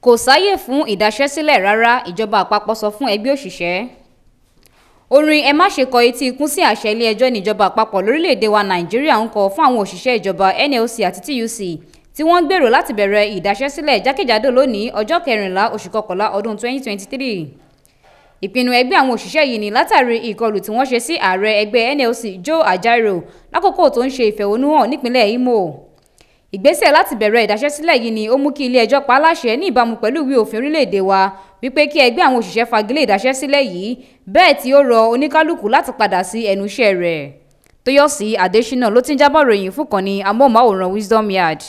kò sáyè fún ìdaṣẹ́sílẹ̀ rárá ìjọba àpapọ̀ sọ fún ẹgbẹ́ òṣìṣẹ́ orin ẹ má ṣe kọ etí ikún sí àṣẹ ilé ẹjọ́ níjọba àpapọ̀ lórílẹ̀‐èdè wa nàìjíríà ń kọ fún àwọn òṣìṣẹ́ ìjọba NLC àti TUC tí wọ́n ń gbèrò láti bẹ̀rẹ̀ ìdaṣẹ́sílẹ̀ jákèjádò lónìí ọjọ́ kẹrìnlá oṣù kọkànlá ọdún 2023 ìpinnu ẹgbẹ́ àwọn òṣìṣẹ́ yìí ni látàrí ìkọlù tí wọ́n ṣe sí ààrẹ ẹgbẹ́ NLC Joe Ajaero lákòókò tó ń ṣe ìfẹ̀hónúhàn nípínlẹ̀ Imo ìgbésẹ̀ láti bẹ̀rẹ̀ ìdáṣẹ́sílẹ̀ yìí ni ó mú kí ilé ẹjọ́ pa á láṣẹ ní ìbámu pẹ̀lú ìwé òfin orílẹ̀-èdè wa wípé kí ẹgbẹ́ àwọn òṣìṣẹ́ fagilé ìdáṣẹ́sílẹ̀ yìí bẹ́ẹ̀ tí ó rọ oníkálukú láti padà sí ẹnu iṣẹ́ rẹ̀ Tóyọ̀sí Adésínà ló ti ń jábọ̀ ròyìn fún kànní amóhùnmáwòrán Wisdom Yard.